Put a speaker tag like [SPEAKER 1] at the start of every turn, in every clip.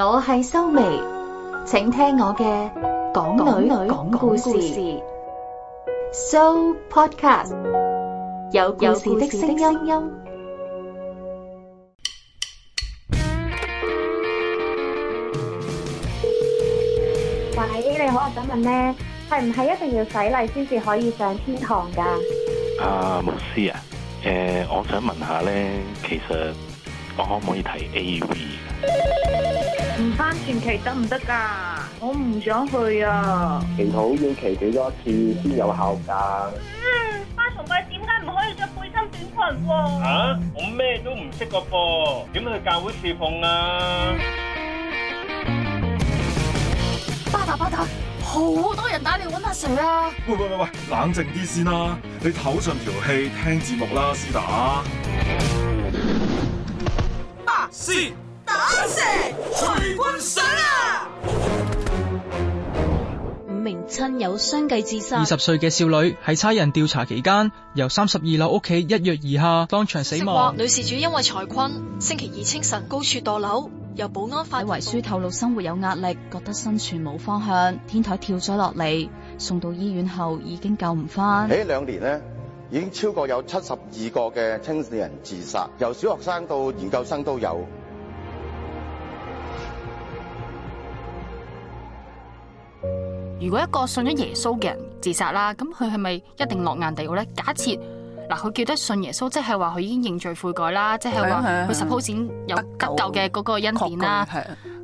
[SPEAKER 1] 我係修眉，請聽我嘅港女女講故事，So Podcast 有故事的聲音。喂，你好，
[SPEAKER 2] 我想問咧，係唔係一定要洗禮先至可以上天堂噶？
[SPEAKER 3] 啊，牧師啊，誒，我想問下咧，其實我可唔可以睇 AV？
[SPEAKER 4] 唔翻團契得唔得噶？我唔想去啊！
[SPEAKER 3] 祈禱要祈禱幾多次先有效噶？嗯，返崇拜點解唔可以着背心短裙喎？啊！我咩都唔識個噃，點去教會侍奉啊？
[SPEAKER 1] 巴達巴達，好，好多人打嚟揾阿成啊？
[SPEAKER 2] 喂喂喂喂，冷靜啲先啦，你唞順條氣，聽節目啦，斯達。
[SPEAKER 1] 啊！C。五名親友相繼自殺，二十
[SPEAKER 2] 歲嘅少女喺差人調查期間，由三十二樓屋企一躍而下，當場死亡。
[SPEAKER 1] 女事主因為財困，星期二清晨高處墮樓，
[SPEAKER 4] 由保安發遺書透露生活有壓力，覺得生存冇方向，天台跳咗落嚟，送到醫院後已經救唔翻。呢
[SPEAKER 1] 兩年呢，已經超過有七十
[SPEAKER 2] 二個嘅青年人自殺，由小學生到研究生都有。
[SPEAKER 1] 如果一個信咗耶穌嘅人自殺啦，咁佢係咪一定落硬地獄咧？假設嗱，佢叫得信耶穌，即係話佢已經認罪悔改啦，即係話佢十鋪錢有得救嘅嗰個恩典啦，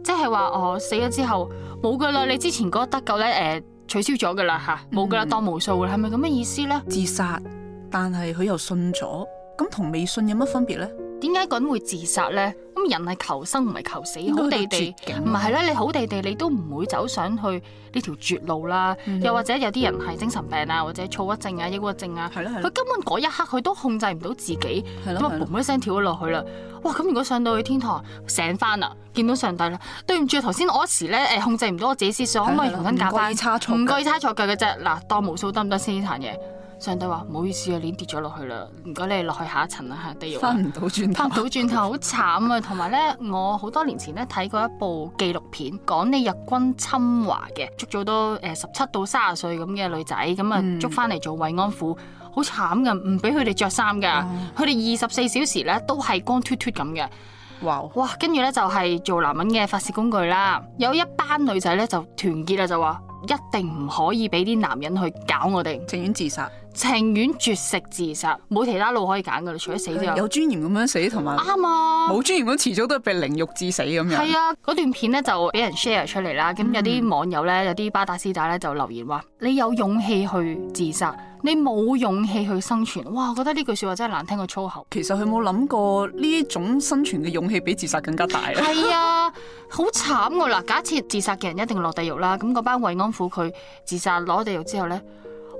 [SPEAKER 1] 即係話我死咗之後冇噶啦，你之前嗰個得救咧誒、欸、取消咗噶啦吓，冇噶啦當無數噶啦，係咪咁嘅意思咧？自殺，但係佢又信咗，咁同未信有乜分別咧？點解咁會自殺咧？咁人係求生唔係求死，好地地唔係咧，你好地地你都唔會走上去呢條絕路啦。又、嗯嗯、或者有啲人係精神病啊，嗯、或者躁鬱症啊、抑鬱症啊，佢根本嗰一刻佢都控制唔到自己，咁啊嘣一聲跳咗落去啦。哇！咁如果上到去天堂醒翻啦，見到上帝啦，對唔住啊，頭先我嗰時咧誒控制唔到我自己思想，可唔可以重新教翻？唔怪、嗯、差錯腳，唔怪差錯腳嘅啫。嗱，當無數得唔得先呢壇嘢？上帝話：唔好意思啊，鏈跌咗落去啦，唔該你落去下一層啦，地獄翻、啊、唔到轉頭，翻唔到轉頭好 慘啊！同埋咧，我好多年前咧睇過一部紀錄片，講你日軍侵華嘅，捉咗都誒十七到三十歲咁嘅女仔，咁啊捉翻嚟做慰安婦，好慘噶，唔俾佢哋着衫噶，佢哋二十四小時咧都係光脱脱咁嘅。Wow. 哇，跟住咧就係做男人嘅發洩工具啦。有一班女仔咧就團結啦，就話一定唔可以俾啲男人去搞我哋，情願自殺，情願絕食自殺，冇其他路可以揀噶啦，除咗死之外，有尊嚴咁樣死，同埋啱啊，冇尊嚴咁，遲早都係被凌辱致死咁樣。係、嗯、啊，嗰段片咧就俾人 share 出嚟啦。咁有啲網友咧，有啲巴打絲打咧就留言話：你有勇氣去自殺。你冇勇氣去生存，哇！我覺得呢句説話真係難聽過粗口。其實佢冇諗過呢種生存嘅勇氣比自殺更加大。係 啊，好慘㗎啦！假設自殺嘅人一定落地獄啦，咁嗰班慰安婦佢自殺攞地獄之後呢。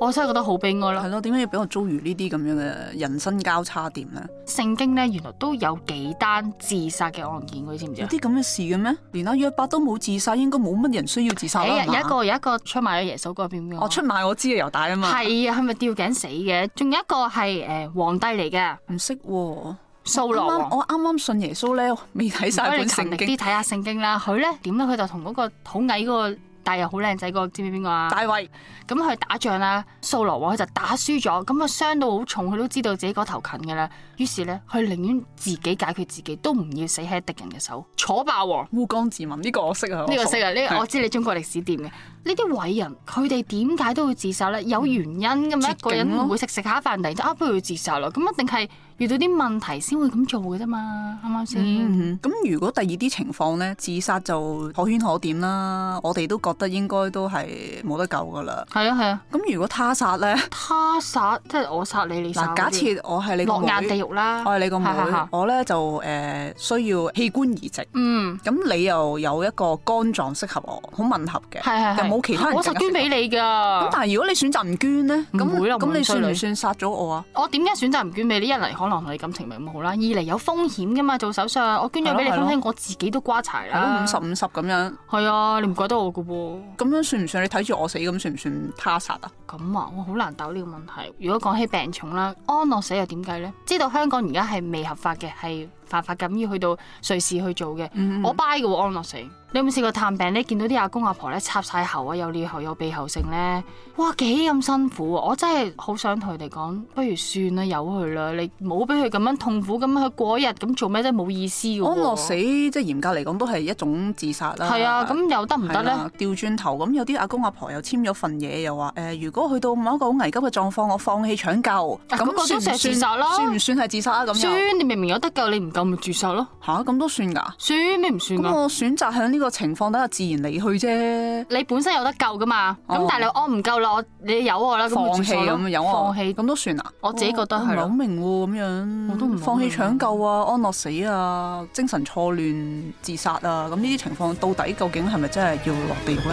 [SPEAKER 1] 我真係覺得好悲哀咯。係咯，點解要俾我遭遇呢啲咁樣嘅人生交叉點咧？聖經咧原來都有幾單自殺嘅案件，你知唔知？有啲
[SPEAKER 4] 咁嘅事嘅咩？連阿約伯都冇自殺，應該冇乜人需要自殺啦。係、欸、有一個有
[SPEAKER 1] 一個出賣咗耶穌嗰邊嘅。哦，出賣我知嘅猶大啊嘛。係啊，係咪吊頸死嘅？仲有一個係誒、呃、皇帝嚟嘅，唔識掃羅王。我啱啱信耶穌咧，未睇晒本聖經。勤力啲睇下聖經啦。佢咧點解佢就同嗰個好矮嗰、嗰個。但係又好靚仔個，知唔知邊個啊？大衛咁佢打仗啦，掃羅王佢就打輸咗，咁啊傷到好重，佢都知道自己個頭近嘅啦。於是咧，佢寧願自己解決自己，都唔要死喺敵人嘅手。楚霸王烏江自刎呢、這個我識啊，呢個識啊，呢個我,是我知你中國歷史掂嘅。呢啲偉人佢哋點解都會自殺咧？有原因嘅咩？嗯啊、一個人唔會食食下飯突然間啊不如去自殺咯，咁一定係。遇到啲問題先會咁做嘅啫嘛，啱啱先？咁如果第二啲情
[SPEAKER 4] 況咧，自殺就可圈可點啦。我哋都覺得應該都係冇得救噶啦。
[SPEAKER 1] 係啊係啊。咁如果他殺咧？他殺即係我殺你，你殺我。嗱，假設我係你個落眼地獄啦，我係你個妹，我
[SPEAKER 4] 咧就誒需要器官移植。嗯。咁你又有一個肝臟適合我，好吻合嘅，又冇其他。我就捐俾你㗎。
[SPEAKER 1] 咁但係如果
[SPEAKER 4] 你選擇唔捐咧，咁咁你算唔算
[SPEAKER 1] 殺咗我啊？我點解選擇唔捐俾你？一嚟同你感情唔係咁好啦，二嚟有風險噶嘛，做手術、啊、我捐咗俾你，反正的我自己都瓜柴啦，五十五十咁樣，係啊，你唔怪得我噶喎，咁樣算唔算你睇住我死咁
[SPEAKER 4] 算唔算他殺啊？
[SPEAKER 1] 咁啊，我好難答呢個問題。如果講起病重啦，安樂死又點計咧？知道香港而家係未合法嘅係。犯法咁要去到瑞士去做嘅，嗯、哼我 buy 嘅安樂死。Honestly, 你有冇試過探病咧？見到啲阿公阿婆咧插晒喉啊，有裂喉、有鼻喉性咧，哇幾咁辛苦啊！我真係好想同佢哋講，不如算啦，由佢啦，你冇俾佢咁樣痛苦咁樣去過一日，咁做咩真係冇意思喎、啊！安樂死即係、就是、嚴格嚟講都係一種自殺啦。係啊，咁又、啊、得唔得咧？
[SPEAKER 4] 掉轉頭咁，有啲阿公阿婆又簽咗份嘢，又話誒、呃，如果去到某一個好危急嘅狀況，我放棄搶救，咁、嗯、算唔算？算唔算係自殺啊？咁又算？
[SPEAKER 1] 你明明有得救，你唔救？咁咪自殺咯？吓咁都算噶？算咩
[SPEAKER 4] 唔算啊？咁我選擇喺呢個情況底下自然離去啫。你本身有得救噶嘛？咁、哦、但係你
[SPEAKER 1] 安唔夠放棄 咯？你有我啦。放棄咁樣由我。放棄咁都算啊？我自己覺得諗
[SPEAKER 4] 明喎咁樣。我都唔。放棄搶救啊，安樂死啊，精神錯亂自殺啊，咁呢啲情況到底究竟係咪真係要落地獄
[SPEAKER 2] 咧？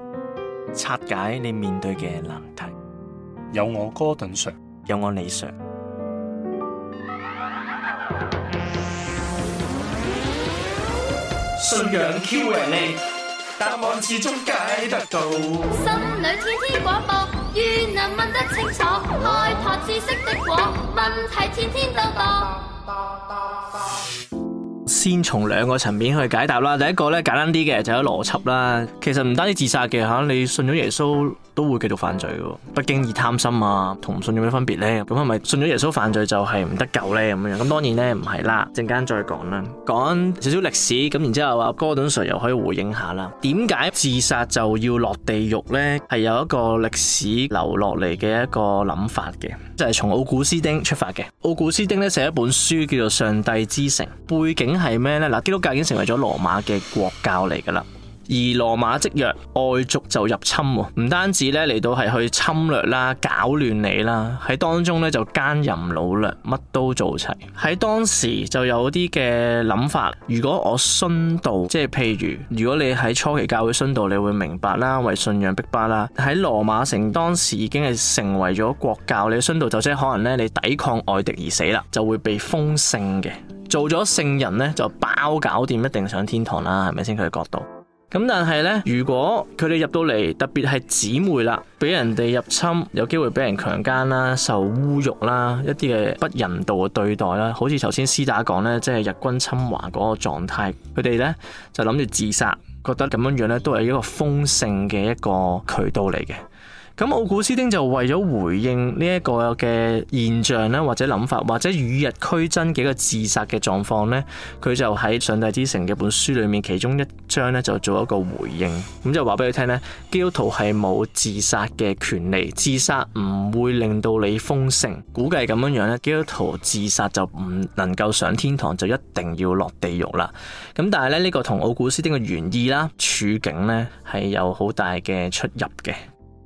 [SPEAKER 3] 拆解你面對嘅難題，有我 Gordon Sir，有我
[SPEAKER 2] 李 Sir，信仰 Q&A，答案始終解得到。心
[SPEAKER 1] 裏天天廣播，願能問得清楚，開拓知識的果，問題天天都多。
[SPEAKER 2] 先從兩個層面去解答啦。第一個咧簡單啲嘅就有邏輯啦。其實唔單止自殺嘅嚇，你信咗耶穌都會繼續犯罪嘅喎。不經意貪心啊，同唔信有咩分別呢？咁係咪信咗耶穌犯罪就係唔得救呢？咁樣咁當然呢，唔係啦。陣間再講啦。講少少歷史咁，然之後話哥頓 Sir 又可以回應下啦。點解自殺就要落地獄呢？係有一個歷史留落嚟嘅一個諗法嘅。就係從奧古斯丁出發嘅，奧古斯丁咧寫一本書叫做《上帝之城》，背景係咩呢？嗱，基督教已經成為咗羅馬嘅國教嚟噶啦。而羅馬即弱外族就入侵喎，唔單止咧嚟到係去侵略啦，搞亂你啦，喺當中咧就奸淫擄掠，乜都做齊。喺當時就有啲嘅諗法，如果我殉道，即係譬如如果你喺初期教會殉道，你會明白啦，為信仰逼巴啦。喺羅馬城當時已經係成為咗國教，你殉道就即、是、係可能咧，你抵抗外敵而死啦，就會被封聖嘅，做咗聖人呢，就包搞掂，一定上天堂啦，係咪先佢嘅角度？咁但係咧，如果佢哋入到嚟，特別係姊妹啦，俾人哋入侵，有機會俾人強姦啦、受侮辱啦、一啲嘅不人道嘅對待啦，好似頭先師打講咧，即係日軍侵華嗰個狀態，佢哋咧就諗住自殺，覺得咁樣樣咧都係一個封聖嘅一個渠道嚟嘅。咁奧古斯丁就為咗回應呢一個嘅現象咧，或者諗法，或者與日俱增幾個自殺嘅狀況咧，佢就喺《上帝之城》嘅本書裏面其中一章咧，就做一個回應。咁就話俾佢聽咧，基督徒係冇自殺嘅權利，自殺唔會令到你豐盛。估計咁樣樣咧，基督徒自殺就唔能夠上天堂，就一定要落地獄啦。咁但係咧，呢個同奧古斯丁嘅原意啦、處境咧，係有好大嘅出入嘅。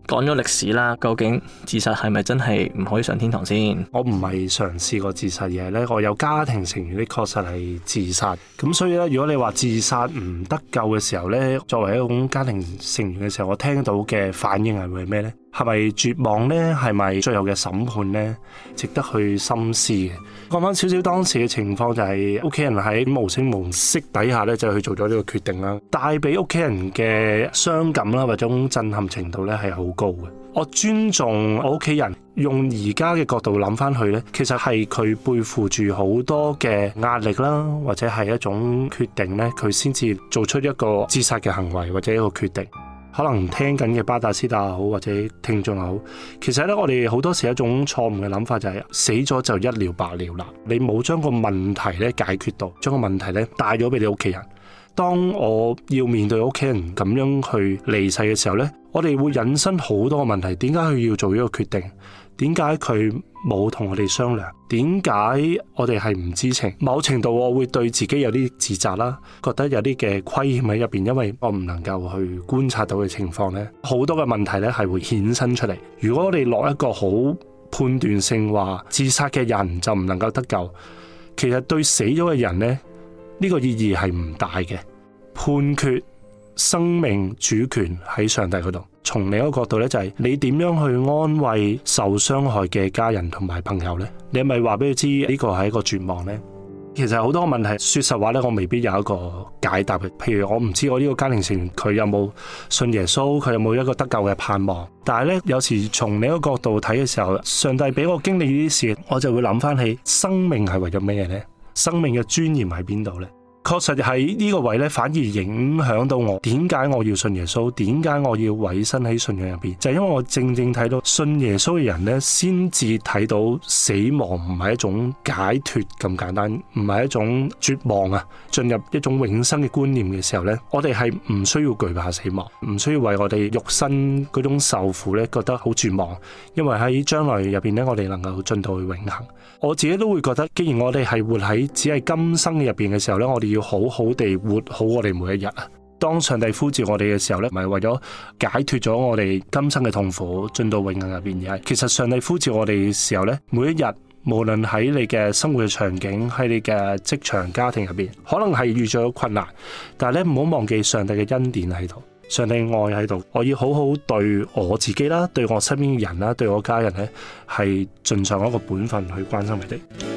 [SPEAKER 2] 講咗歷史啦，究竟自殺係咪真係唔可以上天堂先？
[SPEAKER 3] 我唔係嘗試過自殺，而係咧我有家庭成員啲確實係自殺咁，所以咧，如果你話自殺唔得救嘅時候咧，作為一種家庭成員嘅時候，我聽到嘅反應係會係咩咧？係咪絕望呢？係咪最後嘅審判呢？值得去深思嘅。講翻少少當時嘅情況，就係屋企人喺無聲無息底下呢，就去做咗呢個決定啦。帶俾屋企人嘅傷感啦，或者震撼程度呢係好高嘅。我尊重我屋企人，用而家嘅角度諗翻去呢，其實係佢背負住好多嘅壓力啦，或者係一種決定呢，佢先至做出一個自殺嘅行為或者一個決定。可能聽緊嘅巴打絲打又好，或者聽眾又好，其實咧，我哋好多時有一種錯誤嘅諗法就係死咗就一了百了啦。你冇將個問題咧解決到，將個問題咧帶咗俾你屋企人。當我要面對屋企人咁樣去離世嘅時候咧，我哋會引申好多個問題。點解佢要做呢個決定？點解佢冇同我哋商量？點解我哋係唔知情？某程度我會對自己有啲自責啦，覺得有啲嘅虧欠喺入邊，因為我唔能夠去觀察到嘅情況呢好多嘅問題咧係會衍生出嚟。如果我哋落一個好判斷性話，自殺嘅人就唔能夠得救，其實對死咗嘅人呢，呢、呢個意義係唔大嘅判決。生命主權喺上帝嗰度。從另一個角度呢，就係你點樣去安慰受傷害嘅家人同埋朋友呢？你係咪話俾佢知呢個係一個絕望呢？其實好多問題，說實話呢，我未必有一個解答嘅。譬如我唔知我呢個家庭成員佢有冇信耶穌，佢有冇一個得救嘅盼望。但係呢，有時從另一個角度睇嘅時候，上帝俾我經歷呢啲事，我就會諗翻起生命係為咗咩呢？生命嘅尊嚴喺邊度呢？確實喺呢個位咧，反而影響到我。點解我要信耶穌？點解我要委身喺信仰入邊？就係因為我正正睇到信耶穌嘅人咧，先至睇到死亡唔係一種解脫咁簡單，唔係一種絕望啊！進入一種永生嘅觀念嘅時候咧，我哋係唔需要懼怕死亡，唔需要為我哋肉身嗰種受苦咧覺得好絕望，因為喺將來入邊咧，我哋能夠進到去永恆。我自己都會覺得，既然我哋係活喺只係今生入邊嘅時候咧，我哋。要好好地活好我哋每一日啊！當上帝呼召我哋嘅時候咧，唔係為咗解脫咗我哋今生嘅痛苦，進到永恆入邊，而係其實上帝呼召我哋嘅時候咧，每一日無論喺你嘅生活嘅場景，喺你嘅職場、家庭入邊，可能係遇咗困難，但係咧唔好忘記上帝嘅恩典喺度，上帝嘅愛喺度。我要好好對我自己啦，對我身邊嘅人啦，對我家人咧，係盡上一個本分去關心佢哋。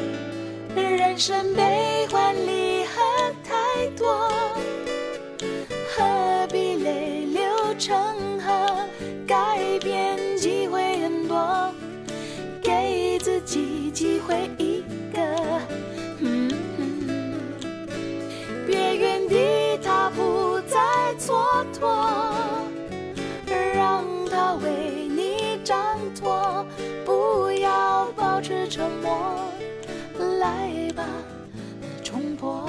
[SPEAKER 1] 不要保持沉默，來吧，衝破！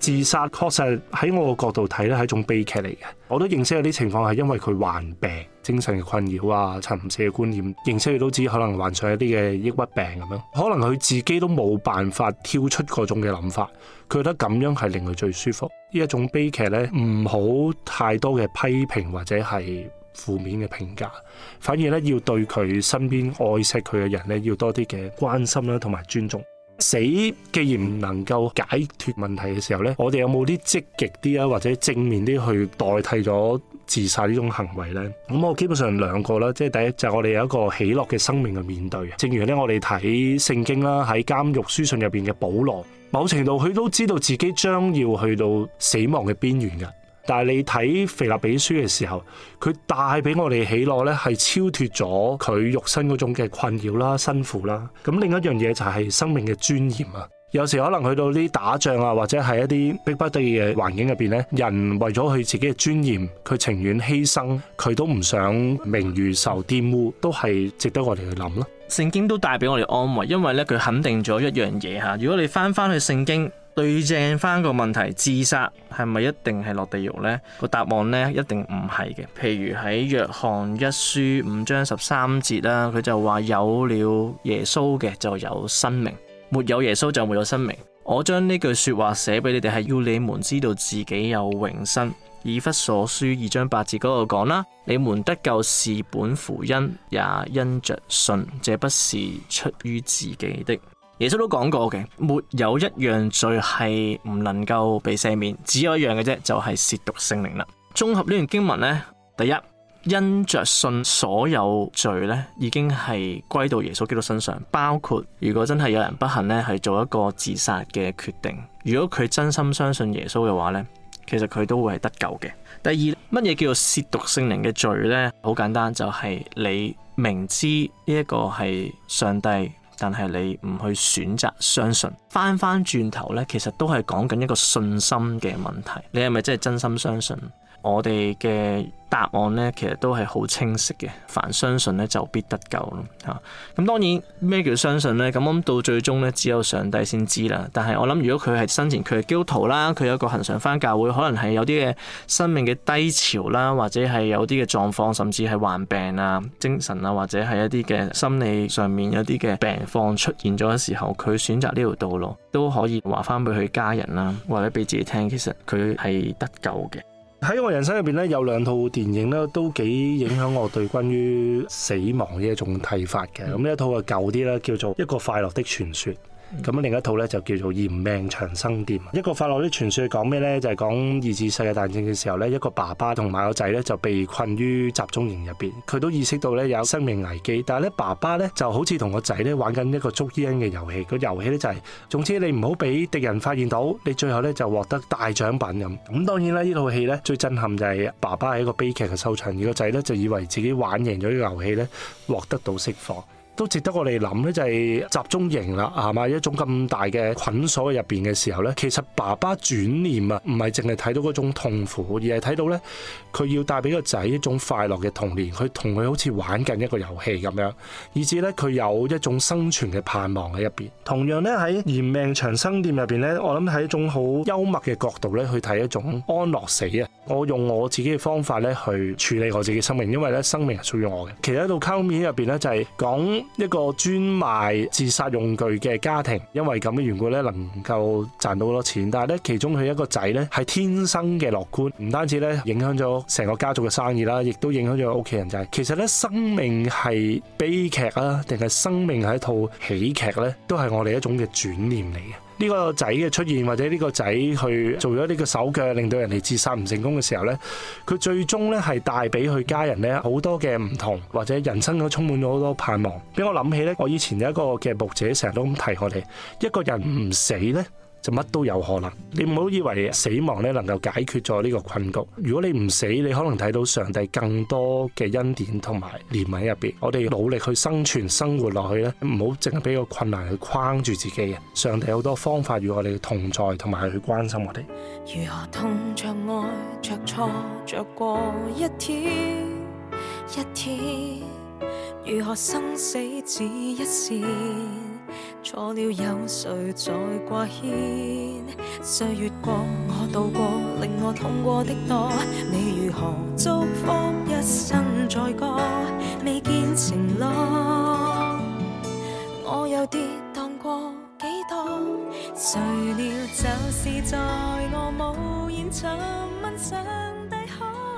[SPEAKER 3] 自殺確實喺我嘅角度睇咧係一種悲劇嚟嘅，我都認識有啲情況係因為佢患病。精神嘅困擾啊，尋死嘅觀念，認識佢都知可能患上一啲嘅抑鬱病咁樣，可能佢自己都冇辦法跳出嗰種嘅諗法，佢覺得咁樣係令佢最舒服。呢一種悲劇呢，唔好太多嘅批評或者係負面嘅評價，反而呢，要對佢身邊愛惜佢嘅人呢，要多啲嘅關心啦，同埋尊重。死既然唔能夠解決問題嘅時候呢，我哋有冇啲積極啲啊，或者正面啲去代替咗？自殺呢種行為呢，咁我基本上兩個啦，即係第一就係我哋有一個喜樂嘅生命嘅面對。正如呢，我哋睇聖經啦，喺監獄書信入邊嘅保羅，某程度佢都知道自己將要去到死亡嘅邊緣噶。但係你睇腓立比書嘅時候，佢帶俾我哋喜樂呢，係超脫咗佢肉身嗰種嘅困擾啦、辛苦啦。咁另一樣嘢就係生命嘅尊嚴啊。有時可能去到啲打仗啊，或者係一啲逼不得已嘅環境入邊咧，人為咗佢自己嘅尊嚴，佢情願犧牲，佢都唔想名譽受玷污，都係值得我哋去諗咯。聖經都帶俾
[SPEAKER 2] 我哋安慰，因為咧佢肯定咗一樣嘢吓。如果你翻翻去聖經對正翻個問題，「自殺係咪一定係落地獄呢？」個答案咧一定唔係嘅。譬如喺約翰一書五章十三節啦，佢就話有了耶穌嘅就有生命。沒有耶穌就沒有生命。我將呢句說話寫俾你哋，係要你們知道自己有永生。以弗所書二章八節嗰度講啦，你們得救是本乎恩，也因着信，這不是出於自己的。耶穌都講過嘅，沒有一樣罪係唔能夠被赦免，只有一樣嘅啫，就係褻瀆聖靈啦。綜合呢段經文呢，第一。因着信，所有罪咧已經係歸到耶穌基督身上。包括如果真係有人不幸咧係做一個自殺嘅決定，如果佢真心相信耶穌嘅話咧，其實佢都會係得救嘅。第二，乜嘢叫做褻瀆聖靈嘅罪咧？好簡單，就係、是、你明知呢一個係上帝，但係你唔去選擇相信。翻翻轉頭咧，其實都係講緊一個信心嘅問題。你係咪真係真心相信？我哋嘅答案呢，其實都係好清晰嘅。凡相信呢，就必得救咯吓。咁、啊、當然，咩叫相信呢？咁我諗到最終呢，只有上帝先知啦。但係我諗，如果佢係生前佢係基督徒啦，佢有一個恆常返教會，可能係有啲嘅生命嘅低潮啦，或者係有啲嘅狀況，甚至係患病啊、精神啊，或者係一啲嘅心理上面有啲嘅病況出現咗嘅時候，佢選擇呢條道路都可以話返俾佢家人啦，或者俾自己聽，其實佢係得救嘅。
[SPEAKER 3] 喺我人生入面咧，有兩套電影咧，都幾影響我對關於死亡呢一種睇法嘅。咁呢一套啊舊啲啦，叫做《一個快樂的傳說》。咁另一套咧就叫做《延命長生殿》。一個法樂啲傳説講咩呢？就係、是、講二次世界大戰嘅時候呢一個爸爸同埋個仔呢，就被困於集中營入邊。佢都意識到呢，有生命危機，但係呢，爸爸呢，就好似同個仔呢玩緊一個捉伊人嘅遊戲。那個遊戲呢、就是，就係總之你唔好俾敵人發現到，你最後呢，就獲得大獎品咁。咁當然啦，呢套戲呢，最震撼就係爸爸係一個悲劇嘅收場，而個仔呢，就以為自己玩贏咗呢個遊戲呢，獲得到釋放。都值得我哋諗呢就係、是、集中營啦，係、啊、嘛一種咁大嘅捆鎖喺入邊嘅時候呢，其實爸爸轉念啊，唔係淨係睇到嗰種痛苦，而係睇到呢，佢要帶俾個仔一種快樂嘅童年，佢同佢好似玩緊一個遊戲咁樣，以至呢，佢有一種生存嘅盼望喺入邊。同樣呢，喺延命長生店入邊呢，我諗喺一種好幽默嘅角度呢，去睇一種安樂死啊。我用我自己嘅方法呢，去處理我自己生命，因為呢，生命係屬於我嘅。其他喺度通面入邊呢，就係講。一個專賣自殺用具嘅家庭，因為咁嘅緣故咧，能夠賺到好多錢。但係咧，其中佢一個仔咧係天生嘅樂觀，唔單止咧影響咗成個家族嘅生意啦，亦都影響咗屋企人。就係其實咧，生命係悲劇啊，定係生命係一套喜劇咧，都係我哋一種嘅轉念嚟嘅。呢個仔嘅出現，或者呢個仔去做咗呢個手腳，令到人哋自殺唔成功嘅時候呢，佢最終呢係帶俾佢家人呢好多嘅唔同，或者人生都充滿咗好多盼望。俾我諗起呢，我以前有一個嘅牧者，成日都咁提我哋，一個人唔死呢。」就乜都有可能，你唔好以為死亡咧能夠解決咗呢個困局。如果你唔死，你可能睇到上帝更多嘅恩典同埋憐憫喺入邊。我哋努力去生存、生活落去咧，唔好淨係俾個困難去框住自己嘅。上帝有好多方法與我哋同在，同埋去關心我哋。
[SPEAKER 1] 如何痛着、
[SPEAKER 4] 愛着、錯着過一天一天？如何生死只一線？錯了有誰在掛牽？歲月過我度過，令我痛過的多。你如何祝福一生在過，未見晴朗。我有跌宕過幾多？誰料就是在我無言中溫心。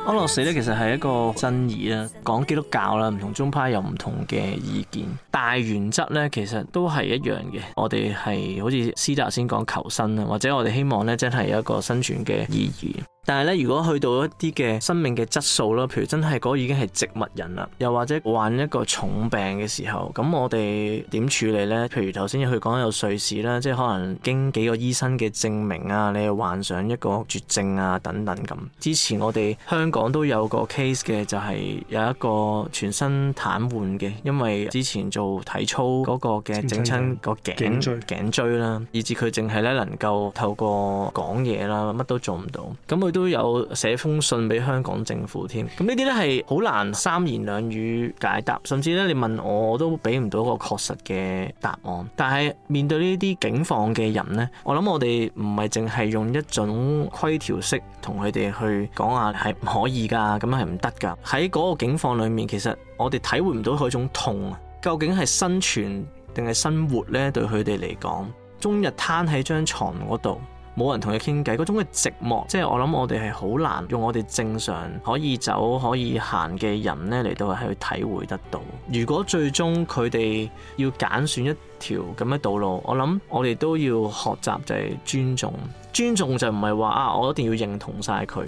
[SPEAKER 2] 安樂死其實係一個爭議啦，講基督教啦，唔同宗派有唔同嘅意見，大原則咧，其實都係一樣嘅。我哋係好似司徒先講求生啦，或者我哋希望咧，真係有一個生存嘅意義。但係咧，如果去到一啲嘅生命嘅質素啦，譬如真係嗰個已經係植物人啦，又或者患一個重病嘅時候，咁我哋點處理呢？譬如頭先佢講有瑞士啦，即係可能經幾個醫生嘅證明啊，你患上一個絕症啊等等咁。之前我哋香港都有個 case 嘅，就係、是、有一個全身癱瘓嘅，因為之前做體操嗰個嘅整親個頸椎，頸椎啦，以至佢淨係咧能夠透過講嘢啦，乜都做唔到。咁都有寫封信俾香港政府添，咁呢啲呢係好難三言兩語解答，甚至咧你問我，我都俾唔到個確實嘅答案。但係面對呢啲境況嘅人呢，我諗我哋唔係淨係用一種規條式同佢哋去講下係唔可以㗎，咁係唔得㗎。喺嗰個境況裏面，其實我哋體會唔到佢種痛啊。究竟係生存定係生活呢？對佢哋嚟講，終日攤喺張床嗰度。冇人同佢傾偈，嗰種嘅寂寞，即係我諗我哋係好難用我哋正常可以走可以行嘅人咧嚟到係去體會得到。如果最終佢哋要揀選一條咁嘅道路，我諗我哋都要學習就係尊重，尊重就唔係話啊我一定要認同晒佢，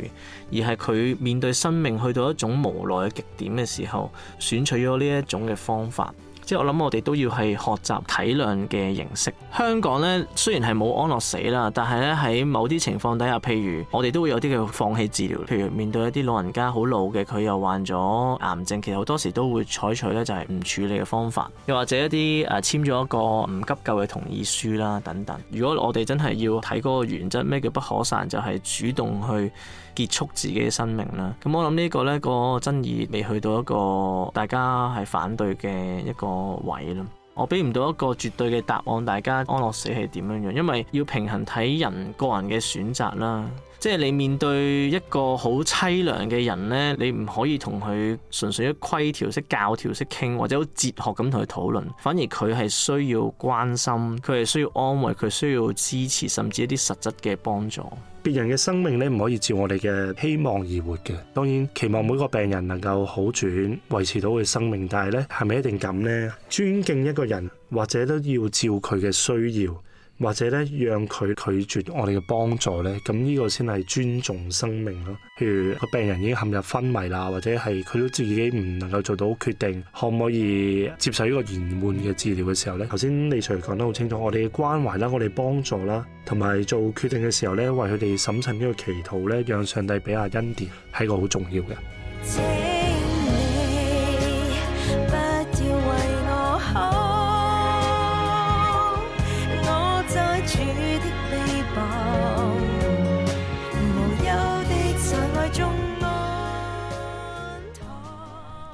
[SPEAKER 2] 而係佢面對生命去到一種無奈嘅極點嘅時候，選取咗呢一種嘅方法。即係我諗我哋都要係學習體諒嘅形式。香港咧雖然係冇安樂死啦，但係咧喺某啲情況底下，譬如我哋都會有啲嘅放棄治療，譬如面對一啲老人家好老嘅，佢又患咗癌症，其實好多時都會採取咧就係唔處理嘅方法，又或者一啲誒、啊、簽咗一個唔急救嘅同意書啦等等。如果我哋真係要睇嗰個原則，咩叫不可殺，就係、是、主動去結束自己嘅生命啦。咁我諗呢個咧、個爭議未去到一個大家係反對嘅一個個位啦，我俾唔到一個絕對嘅答案，大家安樂死係點樣樣，因為要平衡睇人個人嘅選擇啦。即係你面對一個好淒涼嘅人呢，你唔可以同佢純粹一規條式、教條式傾，或者好哲學咁同佢討論。反而佢係需要關心，佢係需要
[SPEAKER 3] 安慰，佢需要支持，甚至一啲實質嘅幫助。別人嘅生命呢，唔可以照我哋嘅希望而活嘅。當然期望每個病人能夠好轉、維持到佢生命，但係呢，係咪一定咁呢？尊敬一個人或者都要照佢嘅需要。或者咧，讓佢拒絕我哋嘅幫助咧，咁呢個先係尊重生命咯。譬如個病人已經陷入昏迷啦，或者係佢都自己唔能夠做到決定，可唔可以接受呢個延緩嘅治療嘅時候咧？頭先李 Sir 講得好清楚，我哋嘅關懷啦，我哋幫助啦，同埋做決定嘅時候咧，為佢哋審慎呢個祈禱咧，讓上帝俾下恩典，係一個好重要嘅。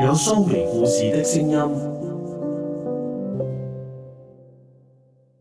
[SPEAKER 3] 有蘇眉故事的聲音。